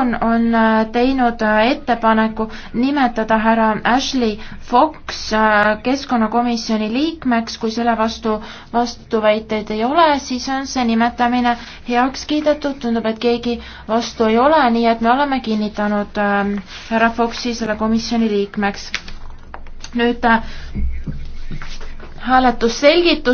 fraktsioon on äh, teinud äh, ettepaneku nimetada härra Ashley Fox äh, keskkonnakomisjoni liikmeks, kui selle vastu vastuväiteid ei ole, siis on see nimetamine heaks kiidetud, tundub, et keegi vastu ei ole, nii et me oleme kinnitanud ähm, härra Foxi selle komisjoni liikmeks. nüüd hääletusselgitus.